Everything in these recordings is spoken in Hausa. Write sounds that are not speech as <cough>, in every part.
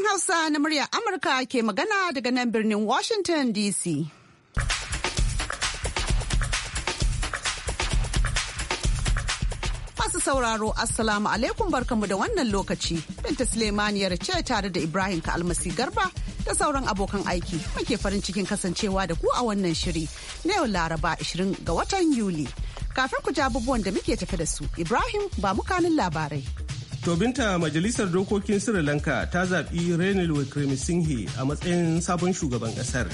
sashen Hausa na muryar Amurka ke magana daga nan birnin Washington DC. Masu sauraro Assalamu alaikum barkamu da wannan lokaci. Binta ya ce tare da Ibrahim ka Almasi Garba da sauran abokan aiki muke farin cikin kasancewa da ku a wannan shiri na yau Laraba 20 ga watan Yuli. Kafin ku ji abubuwan da muke tafi da su, Ibrahim ba mukanin labarai. To binta majalisar dokokin Sri Lanka ta zaɓi Renil Wickremesinghe a matsayin sabon shugaban ƙasar.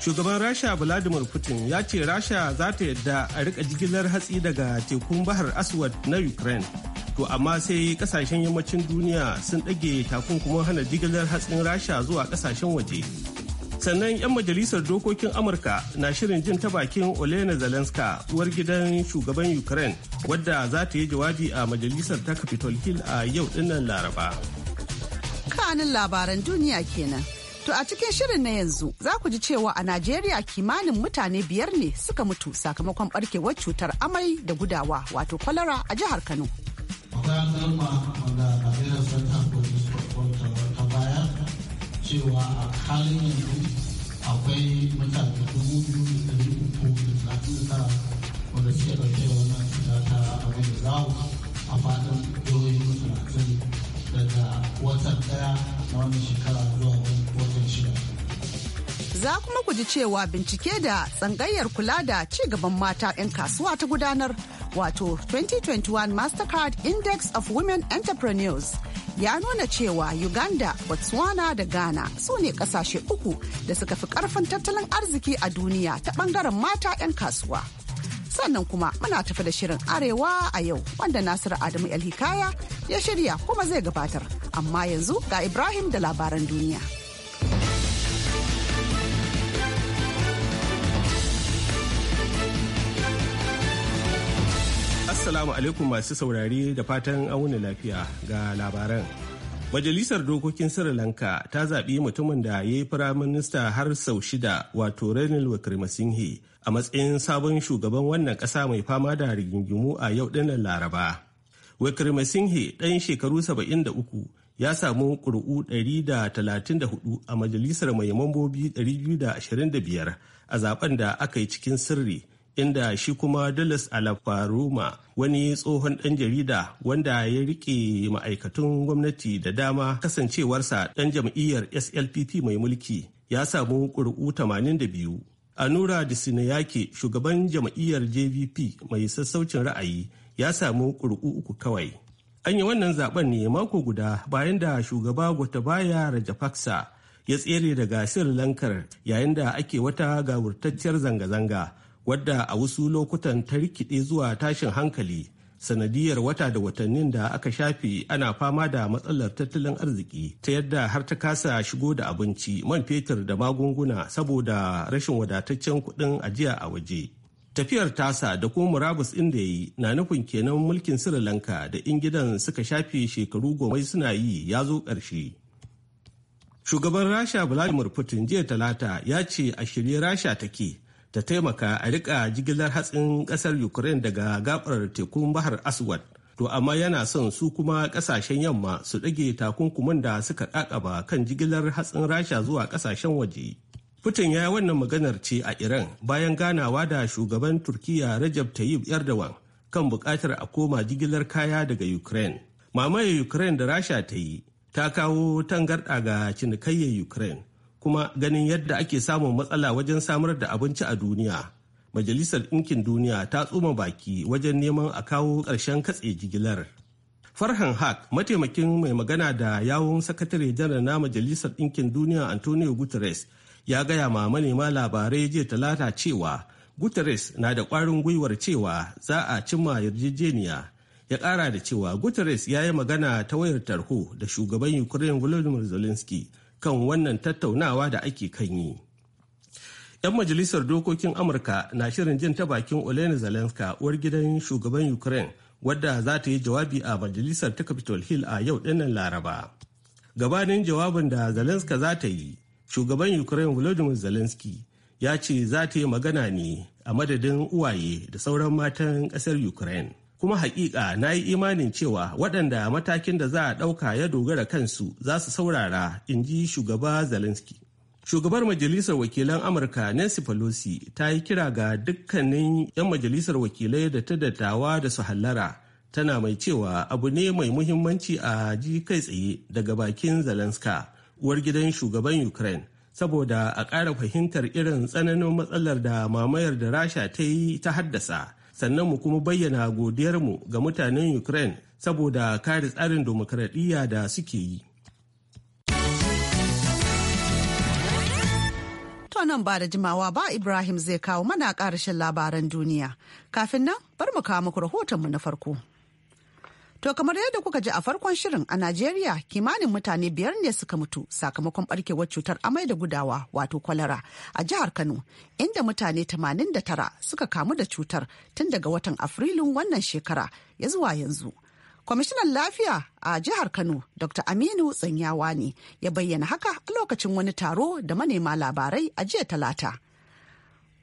Shugaban Rasha Vladimir Putin ya ce Rasha za ta yadda a riƙa jigilar hatsi daga tekun Bahar Aswad na Ukraine. To amma sai kasashen yammacin duniya sun ɗage takunkumin hana jigilar hatsin Rasha zuwa kasashen waje. sannan 'yan majalisar dokokin amurka na shirin jin ta bakin olena zelenska uwar gidan shugaban ukraine wadda za ta yi jawabi a majalisar ta capitol hill a yau dinnan laraba kanin labaran duniya kenan to a cikin shirin na yanzu za ku ji cewa a najeriya kimanin mutane biyar ne suka mutu sakamakon barkewar cutar amai da gudawa wato kwalara a jihar kano cewa a halin yanzu akwai mutane dubu biyu da ɗari uku da talatin da tara wanda suke ɗauke da wannan cuta ta amai da za a faɗin doyin talatin daga watan ɗaya na wannan shekara zuwa watan shida. Za kuma ku ji cewa bincike da tsangayar kula da ci gaban mata 'yan kasuwa ta gudanar wato 2021 Mastercard Index of Women Entrepreneurs ya nuna cewa Uganda, Botswana da Ghana su ne kasashe uku da suka fi karfin tattalin arziki a duniya ta bangaren mata 'yan kasuwa. Sannan kuma muna tafi da shirin Arewa a yau wanda Nasiru Adamu Elhikaya ya shirya kuma zai gabatar. Amma yanzu ga Ibrahim da labaran duniya. Assalamu alaikum masu saurari da fatan auna lafiya ga labaran. Majalisar Dokokin Sri Lanka ta zaɓi mutumin da ya yi firaminista har sau shida wato Renil Wickremesinghe a matsayin sabon shugaban wannan ƙasa mai fama da rigingimu a yau ɗinnan Laraba. Wickremesinghe ɗan shekaru 73 ya samu ƙuri'u 134 a majalisar mai mambobi 225 a zaben da aka yi cikin sirri inda shi kuma Dulles Alafaruma wani tsohon ɗan jarida wanda ya riƙe ma'aikatun gwamnati da dama kasancewarsa ɗan jam'iyyar SLPP mai mulki ya samu ƙuri'u 82. Anura da Disinayake shugaban jam'iyyar JVP mai sassaucin ra'ayi ya samu ƙuri'u uku kawai. An yi wannan zaben ne mako guda bayan da shugaba Gotabaya Rajapaksa ya tsere daga Sri Lankar yayin da ake wata gawurtacciyar zanga-zanga wadda a wasu lokutan ta rikide zuwa tashin hankali sanadiyar wata da watannin da aka shafe ana fama da matsalar tattalin arziki ta yadda har ta kasa shigo da abinci man fetur da magunguna saboda rashin wadataccen kuɗin ajiya a waje tafiyar tasa da kuma murabus inda da yi na nufin kenan mulkin sri lanka da gidan suka shafe shekaru gomai suna yi ya zo ƙarshe shugaban rasha vladimir putin jiya talata ya ce a shirye rasha take ta taimaka a rika jigilar hatsin kasar ukraine daga gabar tekun bahar aswad to amma yana son su kuma kasashen yamma su ɗage takunkumin da suka ƙaƙaba kan jigilar hatsin rasha zuwa kasashen waje putin ya yi wannan maganar ce a iran bayan ganawa da shugaban turkiya rajab tayyip erdogan kan buƙatar a koma jigilar kaya daga ukraine mamaye ukraine da rasha ta yi ta kawo tangarɗa ga cinikayyar ukraine kuma ganin yadda ake samun matsala wajen samar da abinci a duniya majalisar ɗinkin duniya ta tsoma baki wajen neman a kawo ƙarshen katse jigilar farhan haq mataimakin mai magana da yawun sakatare janar na majalisar ɗinkin duniya antonio guterres ya gaya ma manema labarai jiya talata cewa guterres na da ƙwarin gwiwar cewa za a cimma yarjejeniya ya ƙara da cewa guterres ya yi magana ta wayar tarho da shugaban ukraine volodymyr zelensky kan wannan tattaunawa da ake kan yi. 'Yan majalisar dokokin Amurka na shirin jin ta bakin Olena Zelenska uwar gidan shugaban Ukraine wadda za ta yi jawabi a majalisar ta Capitol Hill a yau dinnan Laraba. Gabanin jawabin da Zelenska za ta yi, shugaban Ukraine Volodymyr Zelensky ya ce za ta yi magana ne a madadin uwaye da sauran matan ƙasar Ukraine. kuma hakika na yi imanin cewa waɗanda matakin da za a ɗauka ya dogara kansu za su saurara in ji shugaba zelensky shugabar majalisar wakilan amurka nancy pelosi ta yi kira ga dukkanin 'yan majalisar wakilai da ta dattawa da su hallara tana mai cewa abu ne mai muhimmanci a ji kai tsaye daga bakin zelenska uwar gidan shugaban ukraine saboda a ƙara fahimtar irin tsananin matsalar da mamayar da rasha ta yi ta haddasa sannan mu kuma bayyana godiyarmu ga mutanen ukraine saboda kare tsarin demokradiyya da suke yi To nan ba da jimawa ba Ibrahim zai kawo mana karshen labaran duniya. Kafin nan, bar mu kawo muku rahotonmu na farko. To kamar yadda kuka ji a farkon shirin a Najeriya kimanin mutane biyar ne suka mutu sakamakon barkewar cutar amai da gudawa wato kwalara a jihar Kano inda mutane 89 suka kamu da cutar tun daga watan Afrilun wannan shekara ya zuwa yanzu. Kwamishinan lafiya a jihar Kano Dr. Aminu Tsanyawa ne ya bayyana haka a lokacin wani taro da manema labarai a jiya talata.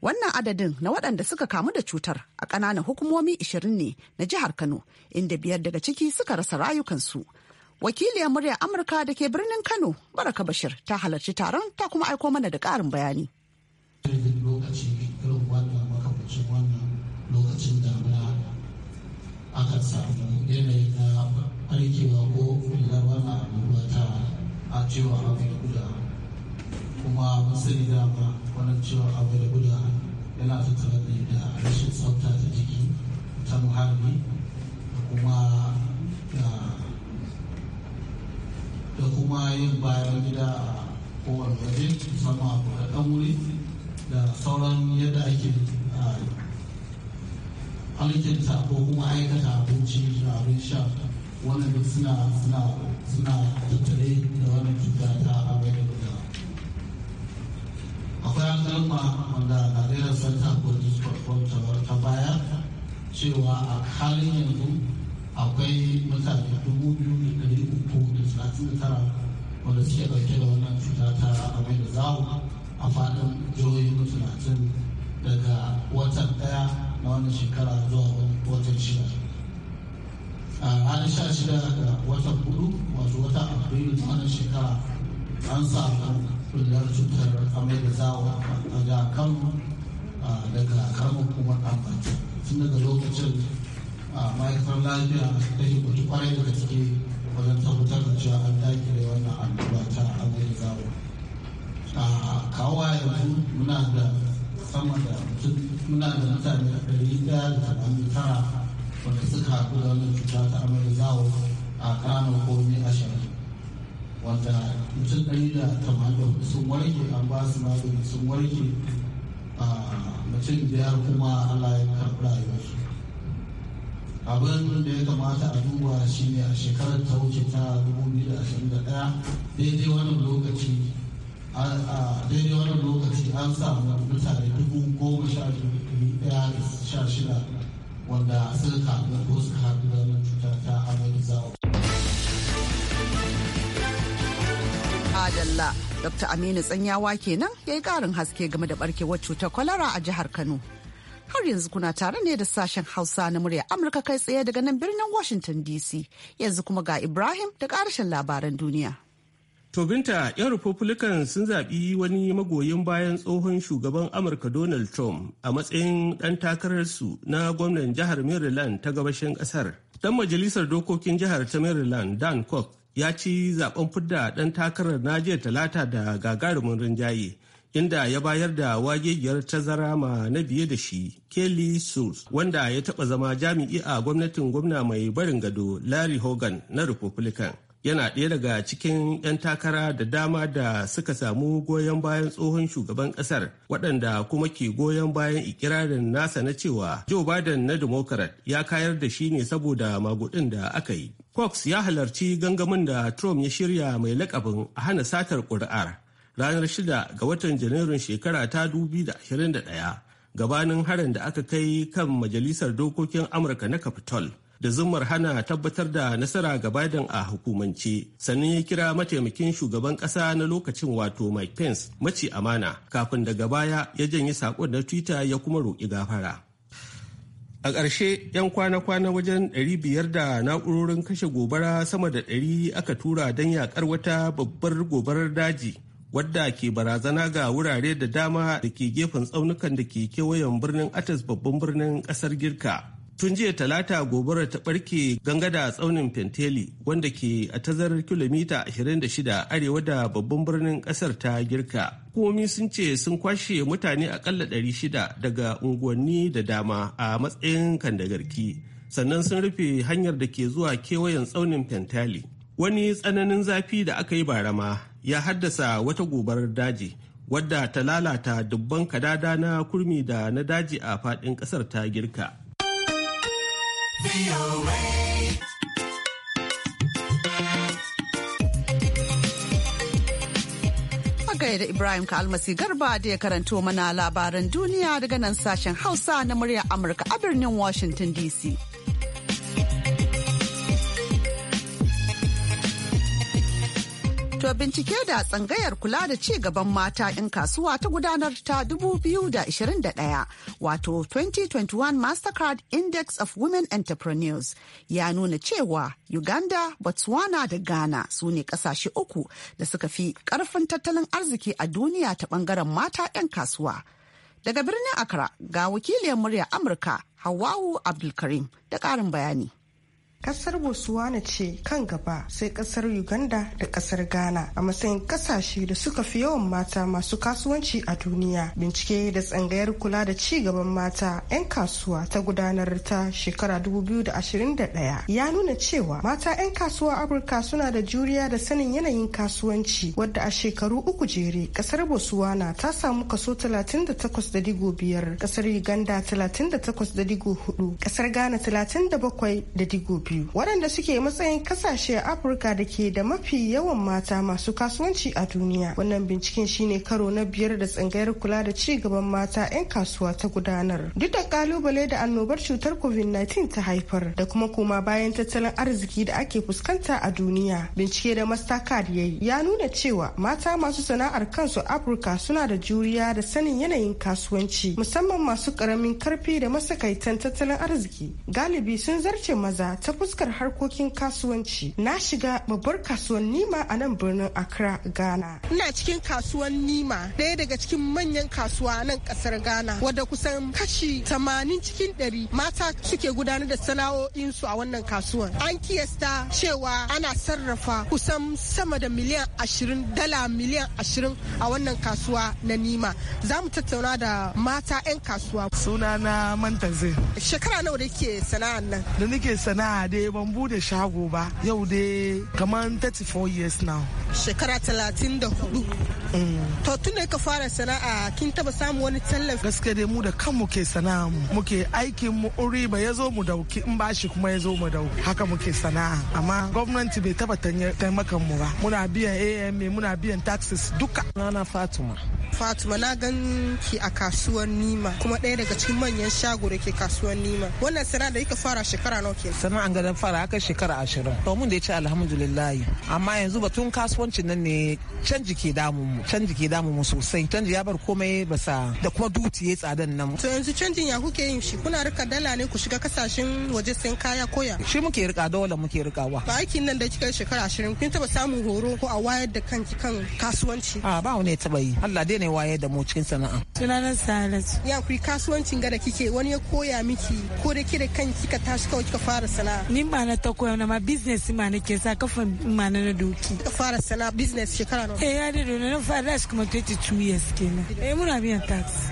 Wannan adadin na waɗanda suka kamu da cutar a ƙananan hukumomi 20 ne na jihar Kano, inda biyar daga ciki suka rasa rayukansu. Wakiliyar muryar Amurka da ke birnin Kano, Baraka Bashir, ta halarci taron ta kuma aiko mana da ƙarin bayani. wannan wannan kuma da ba. wannan cewa abu da guda yana tattara da rashin tsafta ta jiki ta muhalli kuma da kuma yin bayan gida a kowane waje musamman a kudaden wuri da sauran yadda ake halittarta ko kuma aikata abinci da abin sha wannan duk suna tattare da wannan cuta ta abai da akwai kalma wanda Najeriya Center for Disport ta baya cewa a halin yanzu akwai mutane dubu biyu da ɗari uku da talatin da tara wanda suke ɗauke da wannan cuta ta amai da zawo a faɗin jihohin talatin daga watan ɗaya na wannan shekara zuwa watan shida a ranar sha shida ga watan hudu wato wata afrilu na wannan shekara an samu kullar cutar amai da a ga kan daga karamar hukumar amfani, tun daga lokacin ma'aikatar lafiya ta himmatu kwarai daga ciki wajen tabbatar da cewa an dakile wannan annoba ta amai da a kawo yanzu muna da sama da muna da mutane ɗari ɗaya da tamanin tara wanda suka haɗu da wannan cuta ta amai da zawo a kanan komi ashirin wanda mutum ɗari da tamanin sun warke an ba su magani sun warke a mutum biyar kuma allah ya karɓi rayuwarsu abin da ya kamata a duba ne a shekarar ta wuce ta 2021 daidai wannan lokaci daidai wannan lokaci an samu mutane dubu goma sha biyu da sha shida wanda suka kamu ko suka haɗu da wannan cuta ta amai da zawo dalla dr aminu tsanyawa kenan ya yi ƙarin haske game da barkewar cutar kwalara a jihar kano har yanzu kuna tare ne da sashen hausa na murya amurka kai tsaye daga nan birnin washington dc yanzu kuma ga ibrahim da karshen labaran duniya to binta yan republican sun zaɓi wani magoyin bayan tsohon shugaban amurka donald trump a matsayin ɗan takararsu na gwamnan jihar maryland ta gabashin ƙasar ɗan majalisar dokokin jihar ta maryland dan cook ya ci zaben fidda ɗan takarar Najeriya talata da gagarumin rinjaye inda ya bayar da wagegiyar tazara ma na biye da shi kelly Seuss wanda ya taɓa zama jami'i a gwamnatin gwamna mai barin gado larry hogan na republican yana ɗaya daga cikin 'yan takara da dama da suka samu goyon bayan tsohon shugaban ƙasar waɗanda kuma ke goyon bayan ikirarin nasa na cewa joe biden na democrat ya kayar da shi ne saboda magudin da aka yi Cox ya halarci gangamin da Trump ya shirya mai lakabin a hana satar ƙuri'ar ranar 6 ga watan Janairun shekara ta 2021 gabanin harin da aka kai kan Majalisar Dokokin Amurka na Capitol da zumar hana tabbatar da nasara ga Biden a hukumance. Sannan ya kira mataimakin shugaban ƙasa na lokacin wato Mike Pence mace amana kafin daga baya ya janye saƙon na Twitter ya kuma roƙi gafara. a ƙarshe 'yan kwana-kwana wajen 500 da na'urorin kashe gobara sama da 100 aka tura don yakar wata babbar gobarar daji wadda ke barazana ga wurare da dama da ke gefen tsaunukan da ke kewayen birnin atas babban birnin ƙasar girka Tun jiya talata gobara ta barke gangada tsaunin Fenteli, wanda ke a tazarar kilomita 26 arewa da babban birnin kasar ta girka. Hukumomi sun ce sun kwashe mutane akalla 600 daga unguwanni da dama a matsayin Garki, Sannan sun rufe hanyar da ke zuwa kewayen tsaunin Fenteli. Wani tsananin zafi da aka yi barama ya haddasa wata gobarar daji. wadda ta lalata dubban kadada na kurmi da na daji a faɗin ƙasar ta girka. da Ibrahim Kalmasi Garba da ya karanto mana labaran duniya daga nan sashen Hausa na muryar Amurka a birnin Washington DC. To bincike da tsangayar kula da ci gaban mata 'yan kasuwa ta gudanar ta 2021 wato 2021 Mastercard Index of Women Entrepreneurs ya nuna cewa Uganda, Botswana da Ghana su ne kasashe uku da suka fi karfin tattalin arziki a duniya ta bangaren mata 'yan kasuwa. Daga birnin Accra ga wakiliyar murya Amurka Hawawu Abdulkarim da ƙarin bayani. kasar botswana ce kan gaba sai kasar uganda da kasar ghana a matsayin kasashe da suka fi yawan mata masu kasuwanci a duniya bincike da tsangayar kula da ci gaban mata 'yan kasuwa ta gudanar ta shekara 2021 ya nuna cewa mata 'yan kasuwa Afirka suna da juriya da sanin yanayin kasuwanci wadda a shekaru uku jere kasar botswana ta samu kaso 38.5 kasar uganda 38.4 kasar ghana 37.2 biyu waɗanda suke matsayin kasashe afirka da ke da mafi yawan mata masu kasuwanci a duniya wannan binciken shine karo na biyar da tsangayar kula da ci gaban mata 'yan kasuwa ta gudanar duk da kalubale da annobar cutar covid-19 ta haifar da kuma koma bayan tattalin arziki da ake fuskanta a duniya bincike da mastercard ya ya nuna cewa mata masu sana'ar kansu afirka suna da juriya da sanin yanayin kasuwanci musamman masu karamin karfi da masakaitan tattalin arziki galibi sun zarce maza ta fuskar harkokin kasuwanci na shiga babbar kasuwan nima a nan birnin accra ghana ina cikin kasuwan nima ɗaya daga cikin manyan kasuwa nan kasar ghana wadda kusan kashi tamanin cikin dari mata suke gudanar da sana'o'insu a wannan kasuwar an kiyasta cewa ana sarrafa kusan sama da miliyan ashirin dala miliyan ashirin a wannan kasuwa na nima za mu tattauna da mata 'yan kasuwa suna na mantaze shekara nawa da ke sana'a nan da nake sana'a dai ban bude shago ba yau dai kamar 34 years now shekara 34 mm. to tun da ka fara sana'a kin taba samu wani tallafi gaske dai mu da kanmu ke sana'a mu muke aikin mu uriba ya zo mu dauki in bashi kuma ya zo mu dauki haka muke sana'a amma gwamnati bai taba taimakan mu ba muna biyan AMA muna biyan taxes duka nana Fatima Fatima na gan ki a kasuwar Nima kuma ɗaya daga cikin manyan shago da ke kasuwar Nima. Wannan sana da yake fara shekara nawa ke? Sana ga gadan fara haka shekara ashirin. To mun da ya ce alhamdulillah. Amma yanzu batun kasuwancin nan ne canji ke damun mu. Canji ke damun mu sosai. Canji ya bar komai basa da kuma ya tsadan nan. To yanzu canjin ya kuke yin shi? Kuna rika dala ne ku shiga kasashen waje sayan kaya koya? Shi muke rika dole muke rikawa. Ba aikin nan da kika shekara ashirin kun taba samun horo ko a wayar da kanki kan kasuwanci? A ba wani ya taba yi. Allah dai ne waye da mu cikin sana'a sunana salat ya ku kasuwancin gada kike wani ya koya miki ko da ke da kan kika tashi kawai kika fara sana'a ni ba na ta koya na ma business ma nake sa kafan ma na doki Ka fara sana'a business shekara nawa eh ya da na fara shi kuma 22 years kenan eh muna biyan tax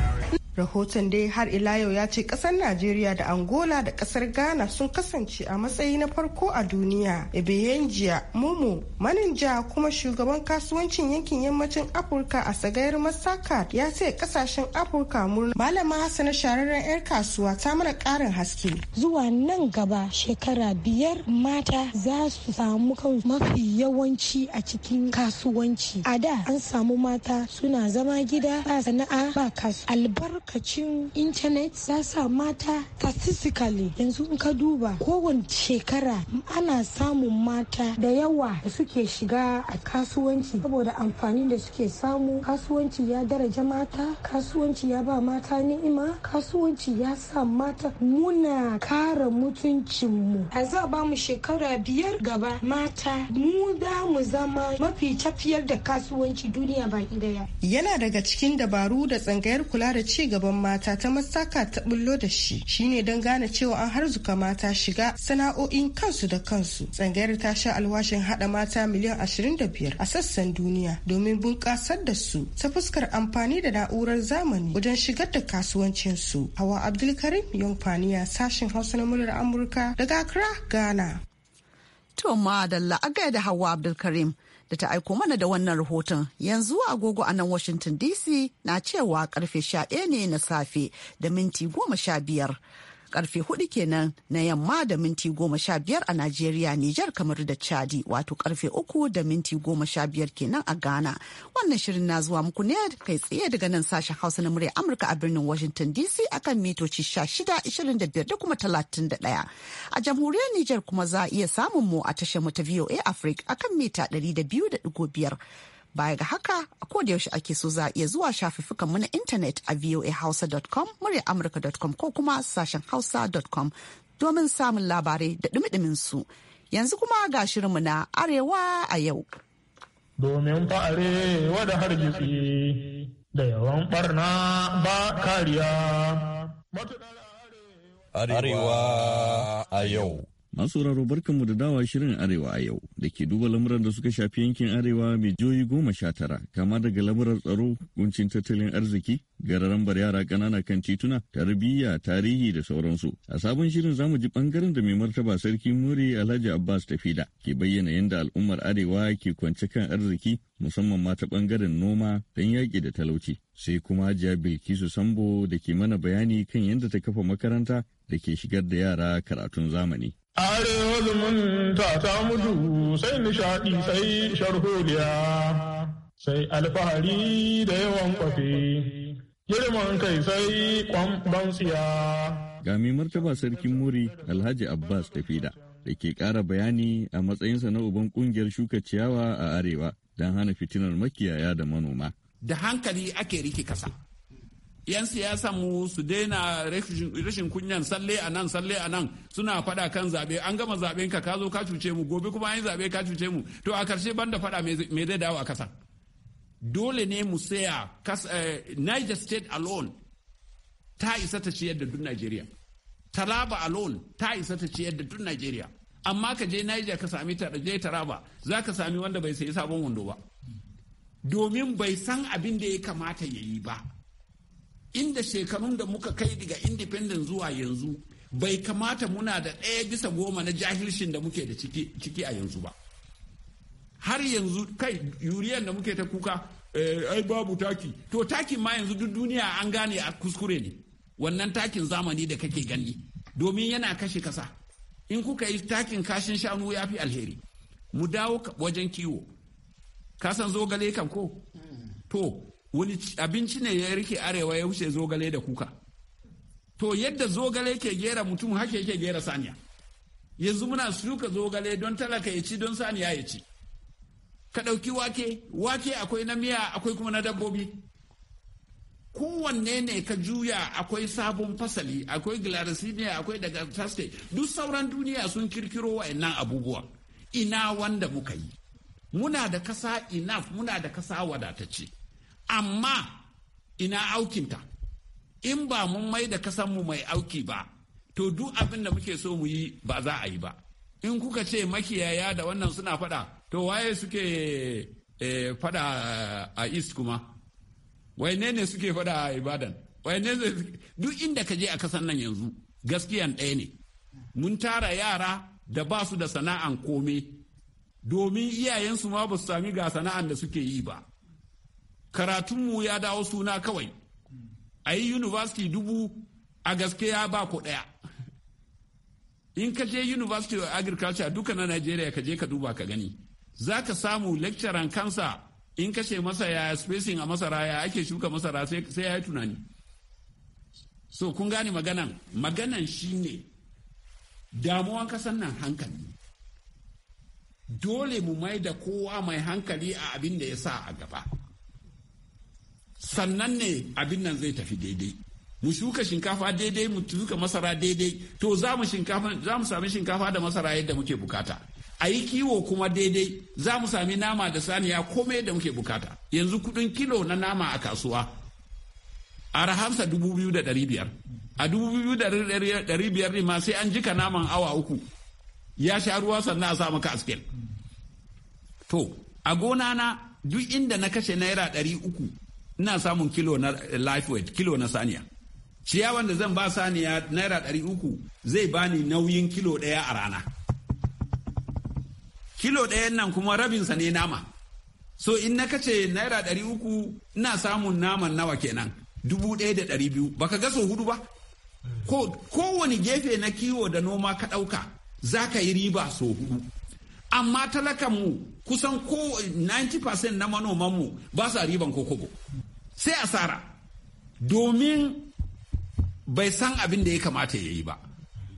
rahoton dai har ila yau ya ce kasar najeriya da angola da kasar ghana sun kasance a matsayi na farko a duniya ebeyenjiya mumu maninja kuma shugaban kasuwancin yankin yammacin afirka a sagayar masaka ya ce kasashen afirka murna malama hassana shararren 'yar kasuwa ta mana karin haske zuwa nan gaba shekara biyar mata za su samu kan mafi yawanci a cikin kasuwanci a da an samu mata suna zama gida ba sana'a ba kasu albar albarkacin intanet ya sa mata statistically yanzu in ka duba kowane shekara ana samun mata da yawa da suke shiga a kasuwanci saboda amfani da suke samu kasuwanci ya daraja mata kasuwanci ya ba mata ni'ima kasuwanci ya sa mata muna kara mutuncinmu a za ba mu shekara biyar gaba mata mu da mu zama mafi tafiyar da kasuwanci duniya baki daya yana daga cikin dabaru da tsangayar kula da ci gaban mata ta masaka ta bullo da shi shine don gane cewa an harzuka mata shiga sana'o'in kansu da kansu tsangayar ta sha alwashin hada mata miliyan 25 a sassan duniya domin bunƙasar da su ta fuskar amfani da na'urar zamani wajen shigar da kasuwancin su hawa abdulkarim faniya sashen hausa na muryar amurka daga accra ghana to madalla a da hawa abdulkarim da ta aiko mana da wannan rahoton yanzu agogo a nan Washington DC na cewa karfe 11 ne na safe da minti goma sha karfe hudu kenan na yamma da minti goma sha biyar a Najeriya, Nijar kamar da Chadi wato karfe uku da minti goma sha biyar kenan a Ghana. Wannan shirin na zuwa muku ne kai tsaye daga nan sashen Hausa na murya Amurka a birnin Washington DC akan mitoci sha shida ishirin da biyar da kuma talatin da ɗaya. A jamhuriyar Nijar kuma za a iya samun mu a tashar mu ta VOA Africa akan mita ɗari da biyu da ɗigo biyar. Baya ga haka, a yaushe ake so za a iya zuwa mu na intanet a voahausa.com, muryaamurka.com ko kuma sashen hausa.com domin samun labarai da dumi su. Yanzu kuma ga shirinmu na Arewa a yau. Domin fa'are wada hargitsi da yawan barna ba kariya. Arewa a yau. Masu sauraro barkanmu da dawa shirin Arewa a yau da ke duba lamuran da suka shafi yankin Arewa mai joyi goma sha tara kama daga lamuran tsaro, guncin tattalin arziki, bar yara kanana kan tituna, tarbiyya, tarihi da sauransu. A sabon shirin zamu ji bangaren da mai martaba sarki Muri Alhaji Abbas Tafida ke bayyana yadda al'ummar Arewa ke kwance kan arziki musamman ma ta bangaren noma don yaƙi da talauci. Sai kuma Hajiya Bilkisu Sambo da ke mana bayani kan yadda ta kafa makaranta da ke shigar da yara karatun zamani. Arewa zumunta ta mutu sai nishaɗi sai sharholiya sai alfahari da yawan kwafe, girman kai sai kwamban tsiya. Gami martaba sarkin muri Alhaji Abbas Tafida da ke ƙara bayani a matsayinsa na uban ƙungiyar shuka ciyawa a Arewa don hana fitinar makiyaya da manoma. Da hankali ake rike kasa. 'yan siyasa mu su daina rashin kunyan salle a nan salle a nan suna faɗa kan zaɓe an gama zaben ka ka zo ka cuce mu gobe kuma an yi zaɓe ka cuce mu to a karshe banda faɗa me zai dawo a kasa dole ne mu saya eh, niger state alone ta isa ta ciyar da duk nigeria taraba alone ta isa ta ciyar da duk nigeria amma ka je niger ka sami je taraba za ka sami wanda bai sayi sabon wando ba domin bai san abin da ya kamata ya yi ba inda shekarun da muka kai daga independent zuwa yanzu bai kamata muna da ɗaya bisa goma na jahilshin da muke da ciki a yanzu ba har yanzu kai yuriyan da muke ta kuka eh, ai babu taki to takin ma yanzu duk duniya an gane a kuskure ne wannan takin zamani da kake gani domin yana kashe kasa in kuka yi takin kashin shanu ya fi alheri mu dawo wajen kiwo kasan zogale kan ko hmm. to wani abinci ne ya rike arewa ya wuce zogale da kuka to yadda zogale ke gera mutum haka yake gera saniya yanzu muna suka zogale don talaka ya ci don saniya ya ci ka ɗauki wake wake akwai na miya akwai kuma na dabbobi kowanne ne ka juya akwai sabon fasali akwai glaricinia akwai daga taste duk sauran duniya sun kirkiro wa'annan abubuwa ina wanda muka yi muna da kasa enough muna da kasa wadatacce amma ina aukinta in ba mun mai da kasanmu mai auki ba to duk abin da muke so mu yi ba za a yi ba in kuka ce makiyaya da wannan suna fada to waye suke eh, fada eh, a east kuma wai ne ne suke fada a ibadan wai ne duk inda ka je a kasan nan yanzu gaskiyan ɗaya ne mun tara yara da ba su da sana'an kome domin iyayensu ma ba su sami ga sana'an da suke yi ba karatunmu ya dawo suna kawai a yi university dubu a gaske ya ba ku ɗaya in ka je university of agriculture duka na nigeria ka je ka duba ka gani za ka samu lecturer kansa in ka ce masa ya spacing a masara ya ake shuka masara sai ya yi tunani so kun gane maganan maganan shine damuwan kasan nan hankali dole mu mai da kowa mai hankali a abin da ya sa a gaba sannan ne abin nan zai tafi daidai mu shuka shinkafa daidai mu shuka masara daidai to za mu sami shinkafa da masara yadda muke bukata a yi kiwo kuma daidai za mu sami nama da saniya komai yadda muke bukata yanzu kudin kilo na nama a kasuwa a rahamsa dubu biyu da dari biyar a dubu biyu da dari biyar ne ma sai an jika naman awa uku ya sha ruwa sannan a sa maka askel to a gona na duk inda na kashe naira ɗari uku ina samun kilo na life weight kilo na saniya ciyawan da zan ba saniya naira ɗari uku zai bani nauyin kilo ɗaya a rana kilo ɗayan nan kuma rabinsa ne nama so in na kace naira ɗari uku ina samun naman nawa kenan dubu ɗaya da ɗari biyu baka ga so hudu ba ko kowane gefe na kiwo da noma ka ɗauka za ka yi riba so hudu amma talakanmu kusan ko 90% na manomanmu ba sa riban kokobo sai a asara domin bai san abin da ya kamata ya yi ba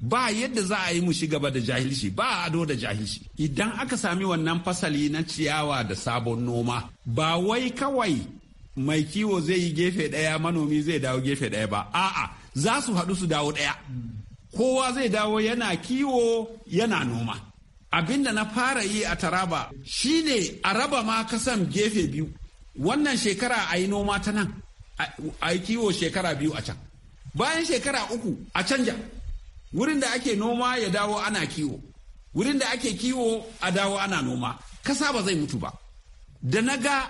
ba yadda za a yi mu shi gaba da jahilci ba ado da jahilci idan aka sami wannan fasali na ciyawa da sabon noma ba wai kawai mai kiwo zai yi gefe ɗaya manomi zai dawo gefe ɗaya ba a'a za su haɗu su dawo ɗaya kowa zai dawo yana kiwo yana noma abin da na fara yi a taraba shine a raba ma kasan gefe biyu wannan shekara a yi noma ta nan a yi kiwo shekara biyu a can bayan shekara uku a canja wurin da ake noma ya dawo ana kiwo wurin da ake kiwo a dawo ana noma kasa ba zai mutu ba da na ga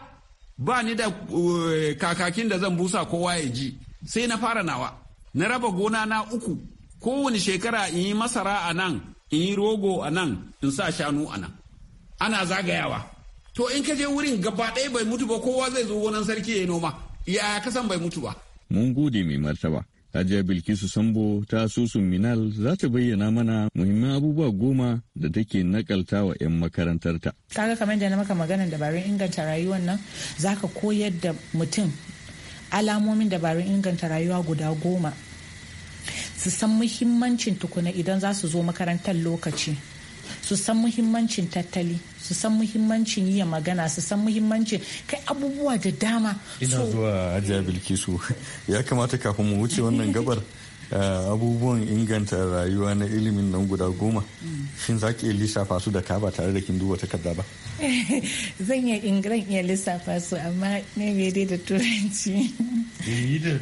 ba ni da eh, kakakin da zan busa kowa ya ji sai na fara nawa na raba gona na uku kowane shekara in yi masara a nan in yi rogo a nan in sa shanu a nan ana zagayawa to in ka je wurin gaba ɗaya bai mutu ba kowa zai zo wani sarki ya noma ya kasan bai mutu ba. mun gode mai martaba hajiya bilkisu sambo ta asusun minal za ta bayyana mana muhimman abubuwa goma da take nakalta wa 'yan makarantarta. kaga kamar da na maka maganar dabarun inganta rayuwar nan za ka koyar da mutum alamomin dabarun inganta rayuwa guda goma su san muhimmancin tukuna idan za su zo makarantar lokaci. su san muhimmancin tattali su san muhimmancin yi magana su san muhimmancin kai abubuwa da dama ina zuwa hajiya bilkisu ya kamata kafin mu wuce wannan gabar eh, abubuwan inganta rayuwa na ilimin nan guda goma shin za ki lissafa su da ka ba tare da kin duba takarda ba <laughs> zan iya ingiran iya lissafa su amma ne dai da turanci yi da eh,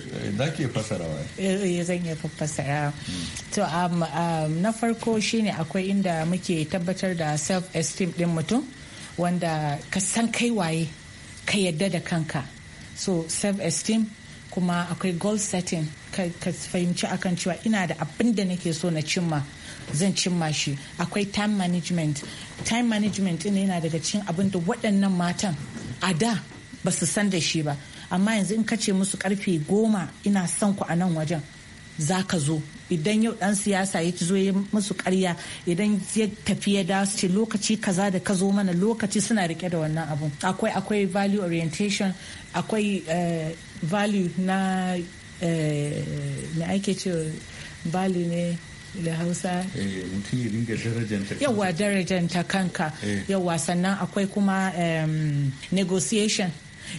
eh, eh, zan iya fassara to um, um, na farko shine akwai inda muke tabbatar da self esteem din mutum wanda ka san kai waye ka yadda da kanka so self esteem kuma akwai goal setting ka fahimci akan cewa ina da abin da nake so na cimma zan cimma shi akwai time management time management ina yana daga cin abin da waɗannan matan a da ba su san da shi ba amma yanzu in kace musu karfe goma ina son ku a nan wajen za ka zo idan yau dan siyasa ya zo ya musu karya idan ya tafi ya da su ce lokaci kaza da ka zo mana lokaci suna rike da wannan abun akwai akwai value orientation akwai eh, value na na eh, ake ce value ne da hausa eh, mutum darajanta yawa darajanta kanka yawa sannan akwai kuma negotiation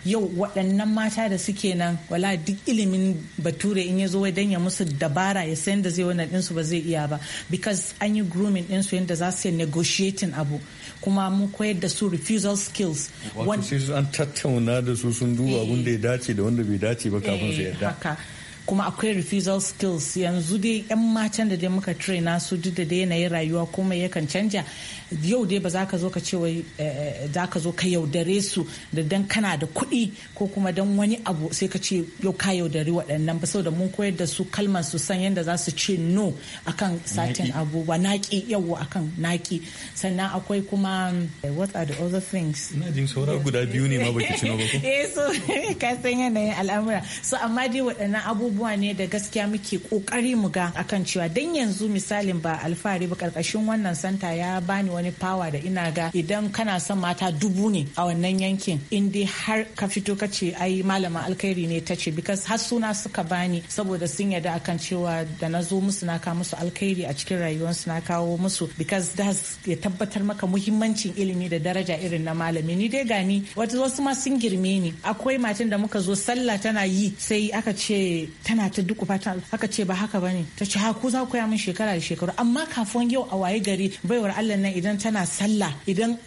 yau waɗannan mata da suke nan wala duk ilimin bature in ya zo wai dan ya musu dabara ya san da zai wannan ɗinsu ba zai iya ba because an yi grooming ɗinsu yadda za su yi negotiating abu kuma mun koyar da su refusal skills wato sai an tattauna da su sun duba abin da ya eh. dace da wanda bai dace ba kafin su eh, yarda kuma akwai refusal skills yanzu dai yan matan da dai muka traina su duk da dai yanayin rayuwa kuma yakan canja yau dai ba za ka zo ka ce wai eh, eh, za ka zo ka yaudare su da dan kana da kuɗi ko kuma dan wani abu sai ka ce yau ka yaudari waɗannan ba saboda mun koyar da su kalmar su san yadda za su ce no akan satin abubuwa naki yau akan naki sannan akwai kuma eh, what are the other things ina jin saura guda biyu ne ma baki ci ba ko <laughs> eh so <laughs> ka san yanayin al'amura so amma dai waɗannan abubuwa ne da gaskiya muke kokari mu ga akan cewa dan yanzu misalin ba alfahari ba karkashin wannan santa ya bani wani pawa da ina ga idan kana son mata dubu ne a wannan yankin in dai har ka fito ka ce ai malama alkhairi ne ta ce because har suna suka bani saboda sun yarda akan cewa da na zo musu na kawo musu alkhairi a cikin rayuwarsu na kawo musu because da ya tabbatar maka muhimmancin ilimi da daraja irin na malami ni dai gani wata wasu ma sun girme ni akwai matan da muka zo sallah tana yi sai aka ce tana ta duku fata aka ce ba haka bane ta ce ha ku za ku ya min shekara da shekaru amma kafin yau a waye gari baiwar Allah nan idan tana sallah idan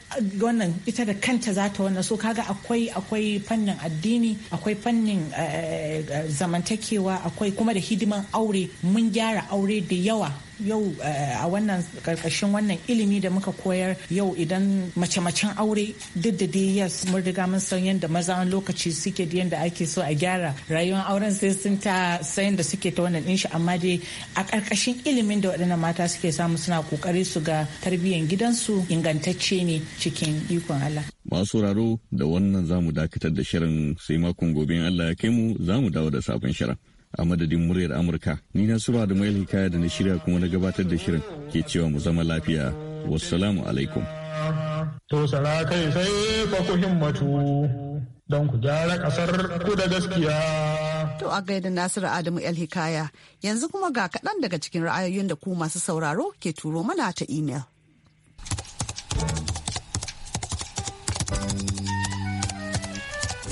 wannan ita da kanta za ta wannan so kaga akwai akwai fannin addini akwai fannin eh, eh, zamantakewa akwai kuma da hidiman aure mun gyara aure da yawa yau eh, a wannan karkashin wannan ilimi da muka koyar yau idan mace-macen aure duk da dai yes mun riga mun san yadda maza lokaci suke da yadda ake so a gyara rayuwar auren sai sun ta sayan da suke ta wannan din amma dai a karkashin ilimin da waɗannan mata suke samu suna kokari su ga tarbiyyar gidansu ingantacce ne cikin ikon Allah. Masu raro da wannan zamu dakatar da shirin sai makon gobe Allah ya kai mu zamu dawo da sabon shirin. a madadin muryar Amurka. Ni na adamu da mai Hikaya da na shirya kuma na gabatar da shirin ke cewa mu zama lafiya. Wassalamu alaikum. To sara kai sai fa ku himmatu don ku gyara ƙasar ku da gaskiya. To a gaida Nasiru Adamu El Hikaya yanzu kuma ga kaɗan daga cikin ra'ayoyin da ku masu sauraro ke turo mana ta imel.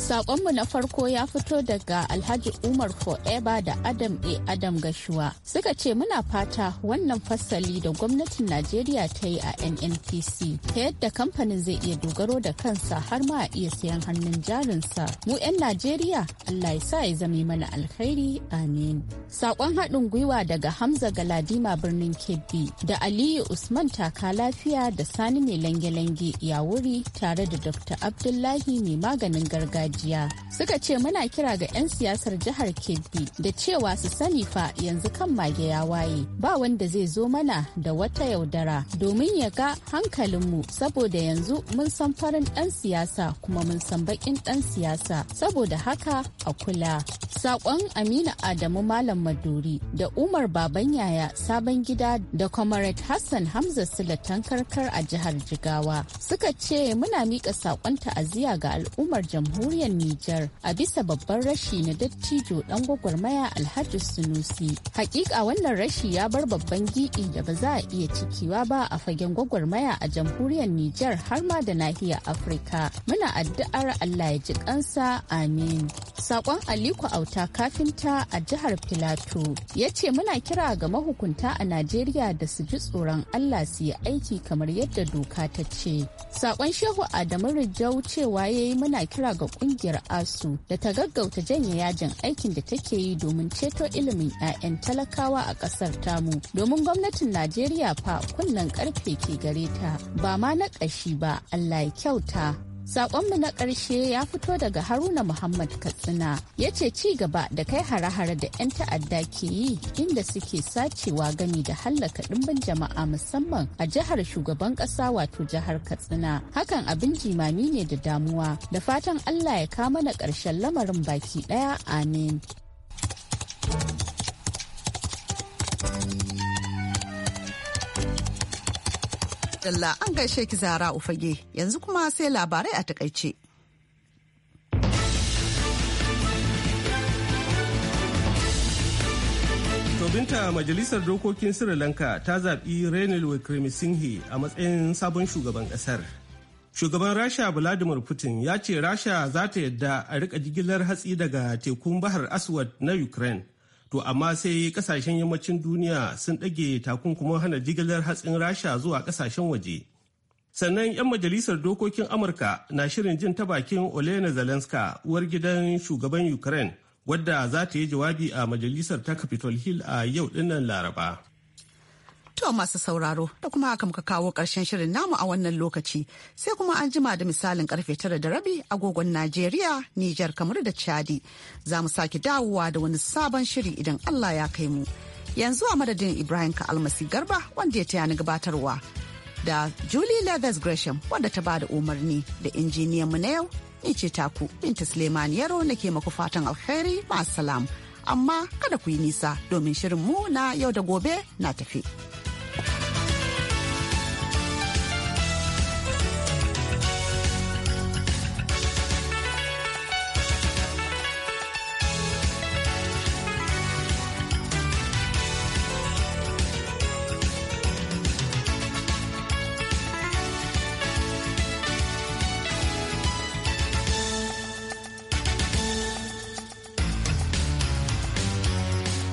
Sakonmu na farko ya fito daga Alhaji Umar koeba da Adam A. Adam Gashuwa. Suka ce muna fata wannan fassali da gwamnatin Najeriya ta yi a NNPC ta yadda kamfanin zai iya dogaro da kansa har ma a iya sayan hannun jarinsa. Mu 'yan Najeriya Allah ya sa ya zame mana alkhairi amin. Sakon haɗin gwiwa daga Hamza Galadima birnin Kebbi da Aliyu Usman taka lafiya da Sani mai lange-lange ya wuri tare da Dr. Abdullahi mai maganin gargajiya. jiya suka ce muna kira ga 'yan siyasar jihar kebbi da cewa su sani fa yanzu kan mage ya waye ba wanda zai zo mana da wata yaudara domin ya ga hankalinmu saboda yanzu mun san farin ɗan siyasa kuma mun san baƙin ɗan siyasa saboda haka a kula sakon amina adamu malam maduri da umar baban yaya sabon gida da comrade hassan hamza silatan tankarkar a jihar jigawa suka ce muna miƙa saƙon ta'aziyya ga al'ummar jamhuriyar jamhuriyar Nijar a bisa babban rashi na dattijo dan gwagwarmaya Alhaji Sunusi. Hakika wannan rashi ya bar babban gidi da ba za a iya cikiwa ba a fagen gwagwarmaya a jamhuriyar Nijar har ma da nahiyar Afirka. Muna addu'ar Allah ya ji kansa amin. Sakon Aliko Auta kafinta a jihar Filato ya ce muna kira ga mahukunta a Najeriya da su ji tsoron Allah su yi aiki kamar yadda doka ta ce. Sakon Shehu Adamu Rijau cewa ya yi muna kira ga kungiyar kungiyar asu da ta gaggauta janye yajin aikin da take yi domin ceto ilimin 'ya'yan talakawa a kasar tamu domin gwamnatin najeriya fa kunnen karfe ke gare ta ba ma na ƙashi ba allah ya kyauta Sakonmu na ƙarshe ya fito daga Haruna Muhammad Katsina ya ce ci gaba da kai hare-hare da 'yan ta'adda ke yi inda suke sacewa gami da hallaka ɗimbin jama'a musamman a jihar shugaban ƙasa wato jihar Katsina. Hakan abin jimami ne da damuwa da fatan Allah ya kama na ƙarshen lamarin baki ɗaya amin. Abdullah an gaishe ki zara ufage yanzu kuma sai labarai a takaice. binta majalisar dokokin sri lanka ta zaɓi renil wickremesinghe a matsayin sabon shugaban ƙasar shugaban rasha vladimir putin ya ce rasha za ta yadda a riƙa jigilar hatsi daga tekun bahar aswad na ukraine To amma sai kasashen yammacin duniya sun ɗage takunkumin hana jigilar hatsin Rasha zuwa kasashen waje. Sannan 'yan majalisar dokokin Amurka na shirin jin ta bakin Olena Zelenska uwar gidan shugaban Ukraine wadda za ta yi jawabi a majalisar ta Capitol Hill a yau dinnan Laraba. To masu sauraro da kuma haka muka kawo ƙarshen shirin namu a wannan lokaci sai kuma an jima da misalin karfe tara da rabi agogon Najeriya, Nijar, kamar da Chadi. Za mu sake dawowa da wani sabon shiri idan Allah ya kai mu. Yanzu a madadin Ibrahim ka almasi garba wanda ya taya ni gabatarwa da Julie Leathers Gresham wanda ta bada umarni da injiniyan mu na yau ni ce taku Binta Suleiman Yaro nake maku fatan alheri ma'asalam. amma kada ku yi nisa domin shirin mu na yau da gobe na tafi.